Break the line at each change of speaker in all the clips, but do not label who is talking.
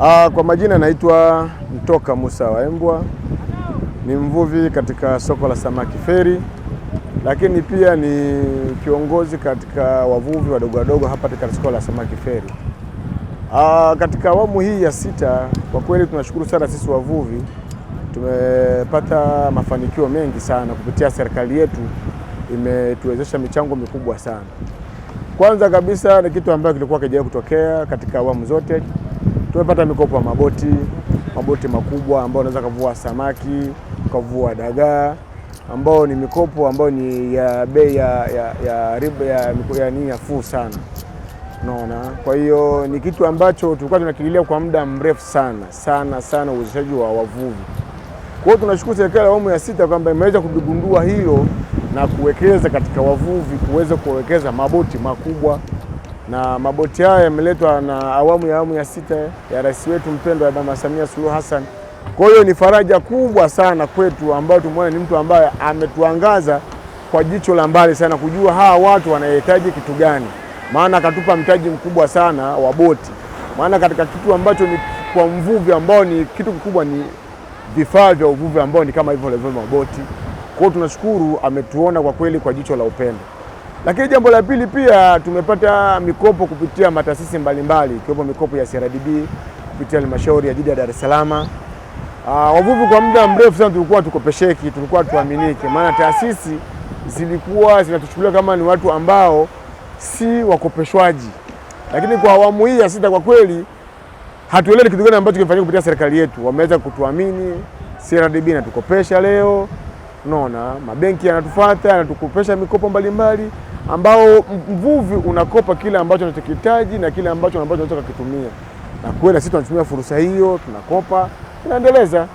Aa, ah, kwa majina naitwa Mtoka Musa Waembwa, ni mvuvi katika soko la samaki Feri, lakini pia ni kiongozi katika wavuvi wadogo wadogo hapa katika soko la samaki Feri. Aa, ah, katika awamu hii ya sita kwa kweli tunashukuru sana sisi wavuvi tumepata mafanikio mengi sana kupitia serikali yetu, imetuwezesha michango mikubwa sana. Kwanza kabisa ni kitu ambacho kilikuwa kijawahi kutokea katika awamu zote Tumepata mikopo ya maboti, maboti makubwa ambayo unaweza kuvua samaki, ukavua dagaa, ambao ni mikopo ambayo ni ya bei ya ya ya riba ya ya nini nafuu sana. Unaona? Kwa hiyo ni kitu ambacho tulikuwa tunakililia kwa muda mrefu sana sana sana, uwezeshaji wa wavuvi. Kwa hiyo tunashukuru serikali ya awamu ya sita kwamba imeweza kuligundua hilo na kuwekeza katika wavuvi kuweza kuwekeza maboti makubwa na maboti haya yameletwa na awamu ya awamu ya sita ya rais wetu mpendwa Mama Samia Suluhu Hassan. Kwa hiyo ni faraja kubwa sana kwetu ambayo tumeona ni mtu ambaye ametuangaza kwa jicho la mbali sana kujua hawa watu wanahitaji kitu gani, maana akatupa mtaji mkubwa sana wa boti, maana katika kitu ambacho ni kwa mvuvi ambao ni kitu kikubwa ni vifaa vya uvuvi ambao ni kama hivyo maboti. Kwa hiyo tunashukuru ametuona kwa kweli kwa jicho la upendo. Lakini jambo la pili pia tumepata mikopo kupitia mataasisi mbalimbali ikiwepo mikopo ya CRDB kupitia halmashauri ya jiji la Dar es Salaam. Uh, Wavuvi kwa muda mrefu sana tulikuwa tukopesheki, tulikuwa tuaminike, maana taasisi zilikuwa zinatuchukulia kama ni watu ambao si wakopeshwaji, lakini kwa awamu hii ya sita kwa kweli hatuelewi kitu gani ambacho kimefanyika kupitia serikali yetu. Wameweza kutuamini, CRDB inatukopesha leo, unaona mabenki yanatufuata, yanatukopesha mikopo mbalimbali mbali ambao mvuvi unakopa kile ambacho anachokihitaji na kile ambacho ambacho anaweza kukitumia, na kweli sisi tunatumia fursa hiyo, tunakopa tunaendeleza,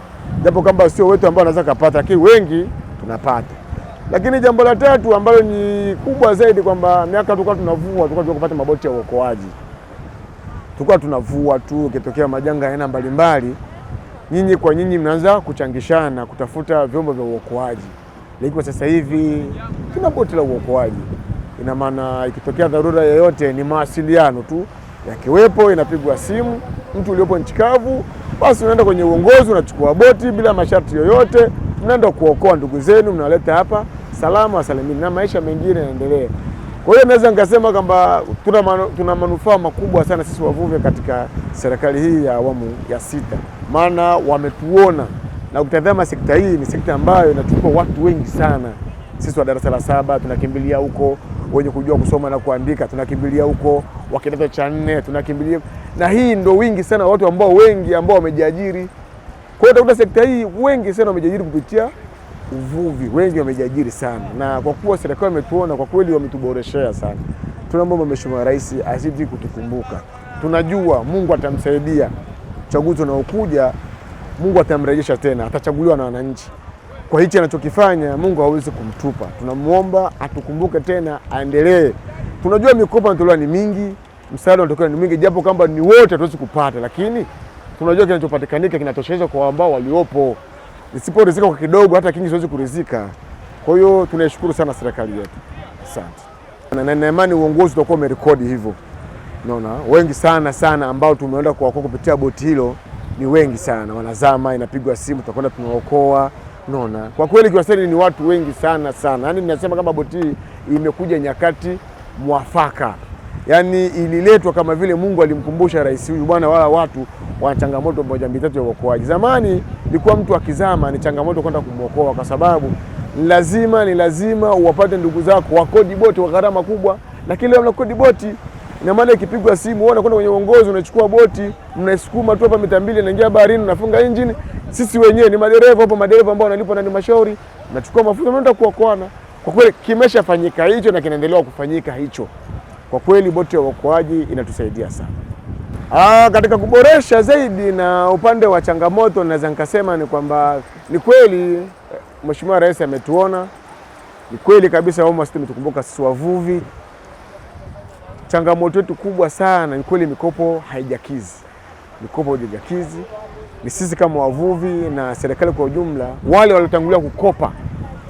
japo kwamba sio wetu ambao anaweza kupata, lakini wengi tunapata. Lakini jambo la tatu ambalo ni kubwa zaidi kwamba miaka tulikuwa tunavua, tulikuwa tunapata maboti ya uokoaji, tulikuwa tunavua tu, ikitokea majanga aina mbalimbali, nyinyi kwa nyinyi mnaanza kuchangishana kutafuta vyombo vya uokoaji, lakini kwa sasa hivi tuna boti la uokoaji. Ina maana ikitokea dharura yoyote, ni mawasiliano tu yakiwepo, inapigwa simu, mtu uliopo nchi kavu, basi unaenda kwenye uongozi, unachukua boti bila masharti yoyote, mnaenda kuokoa ndugu zenu, mnaleta hapa salama wasalimini, na maisha mengine yanaendelea. Kwa hiyo naweza nikasema kwamba tuna, manu, tuna manufaa makubwa sana sisi wavuvi katika serikali hii ya awamu ya sita, maana wametuona na ukitazama sekta hii ni sekta ambayo inachukua watu wengi sana. Sisi wa darasa la saba tunakimbilia huko wenye kujua kusoma na kuandika tunakimbilia huko, wa kidato cha nne tunakimbilia, na hii ndo wingi sana watu ambao wengi ambao wamejiajiri. Kwa hiyo utakuta sekta hii wengi sana wamejiajiri kupitia uvuvi, wengi wamejiajiri sana, na kwa kuwa serikali imetuona kwa kweli, wametuboreshea sana. Tunamwomba Mheshimiwa Rais azidi kutukumbuka, tunajua Mungu atamsaidia. Uchaguzi unaokuja Mungu atamrejesha tena, atachaguliwa na wananchi kwa hichi anachokifanya Mungu hawezi kumtupa. Tunamwomba atukumbuke tena, aendelee. Tunajua mikopo inatolewa ni mingi, msaada unatolewa ni mingi, japo kwamba ni wote hatuwezi kupata, lakini tunajua kinachopatikanika kinatosheleza kwa ambao waliopo. Isiporizika kwa kidogo, hata kingi siwezi kurizika. Kwa hiyo tunaishukuru sana serikali yetu, asante na na imani uongozi utakuwa umerekodi hivyo. Unaona, wengi sana sana ambao tumeenda kuwaokoa kupitia boti hilo ni wengi sana, wanazama, inapigwa simu, tutakwenda tunaokoa. Unaona, kwa kweli Kiwasani ni watu wengi sana sana, yaani ninasema kama boti hii imekuja nyakati mwafaka, yaani ililetwa kama vile Mungu alimkumbusha rais huyu bwana, wala watu wana changamoto moja mbili tatu ya uokoaji. Zamani ilikuwa mtu akizama ni changamoto kwenda kumwokoa, kwa sababu lazima ni lazima uwapate ndugu zako wakodi boti wa gharama kubwa, lakini leo mnakodi boti ina maana ikipigwa simu, wewe unakwenda kwenye uongozi, unachukua boti, mnaisukuma tu hapa mita mbili, inaingia baharini, unafunga injini sisi wenyewe ni madereva hapo, madereva ambao wanalipwa na halmashauri, nachukua mafunzo, mnaenda kuokoana. Kwa kweli kimeshafanyika hicho na kinaendelea kufanyika hicho. Kwa kweli boti ya uokoaji inatusaidia sana. Aa, ah, katika kuboresha zaidi na upande wa changamoto naweza nikasema ni kwamba ni kweli eh, Mheshimiwa Rais ametuona, ni kweli kabisa almost tumetukumbuka sisi wavuvi. Changamoto yetu kubwa sana ni kweli mikopo haijakizi, mikopo haijakizi ni sisi kama wavuvi na serikali kwa ujumla, wale waliotangulia kukopa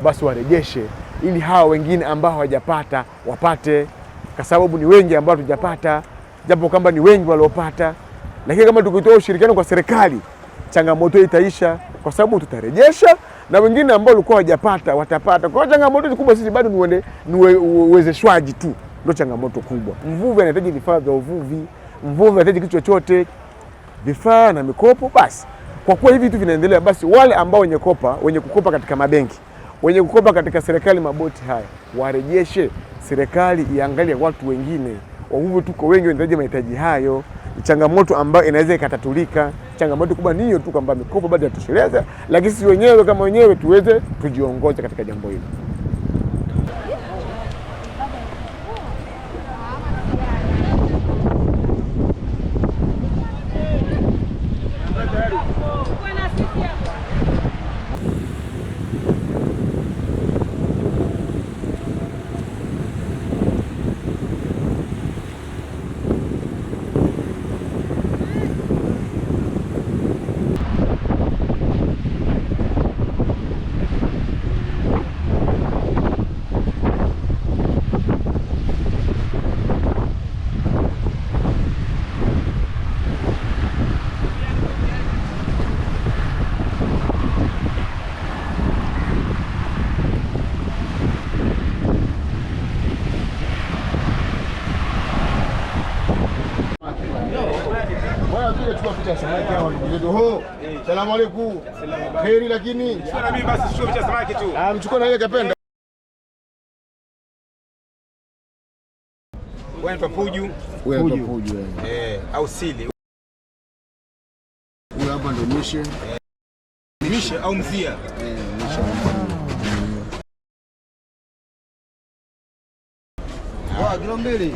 basi warejeshe, ili hawa wengine ambao hawajapata wapate, kwa sababu ni wengi ambao hatujapata, japo kwamba ni wengi waliopata, lakini kama tukitoa ushirikiano kwa serikali, changamoto itaisha, kwa sababu tutarejesha na wengine ambao walikuwa hawajapata watapata. Kwa changamoto kubwa sisi bado ni uwezeshwaji tu ndio changamoto kubwa. Mvuvi anahitaji vifaa vya uvuvi, mvuvi anahitaji kitu chochote vifaa na mikopo. Basi kwa kuwa hivi vitu vinaendelea, basi wale ambao wenye kopa, wenye kukopa katika mabenki, wenye kukopa katika serikali, maboti haya warejeshe, serikali iangalie watu wengine wahuvu, tuko wengi wanahitaji mahitaji hayo. Changamoto ambayo inaweza ikatatulika, changamoto kubwa ni hiyo tu kwamba mikopo bado yatosheleza, lakini sisi wenyewe kama wenyewe tuweze tujiongoze katika jambo hilo. cha samaki hao ndio ho. Salamu alaykum. Kheri lakini Sana mimi basi sio cha samaki tu. Ah, mchukua na ile kapenda. Wewe ni papuju. Wewe ni papuju Eh, au sili. Huyu hapa ndio mishe. Eh, mishe au mzia. Eh, mishe. Ah. kilo mbili.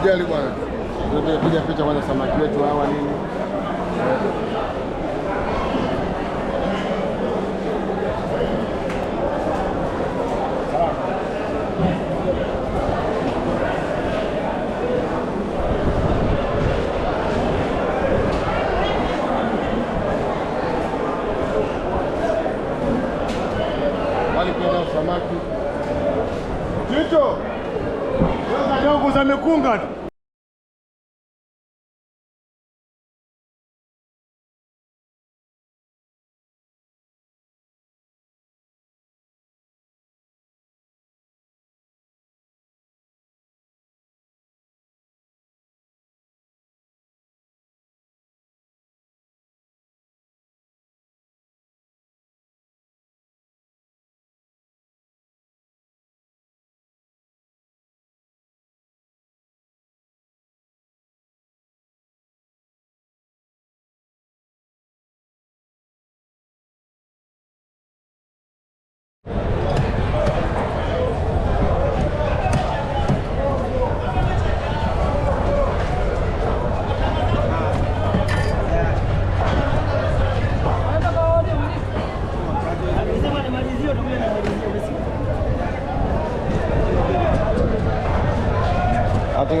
Sijali bwana. Tunapiga picha kwanza samaki wetu hawa nini.
me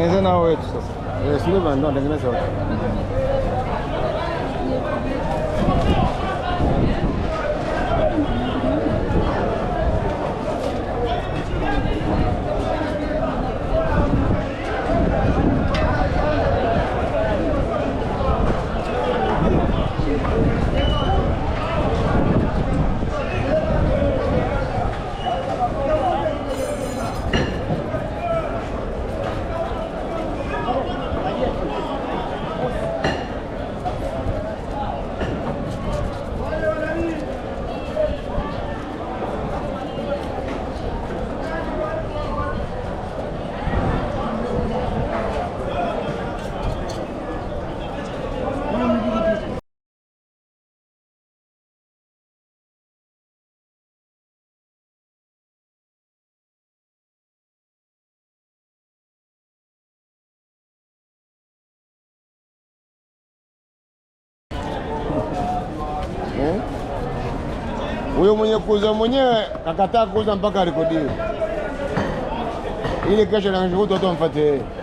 ಇದೇ ನಾವು ಎಕ್ಸ್ ಎಷ್ಟು ಬಂದು Huyo mwenye kuuza mwenyewe kakataa kuuza mpaka rekodi ili kesho nakshikutu watu wamfuate yeye.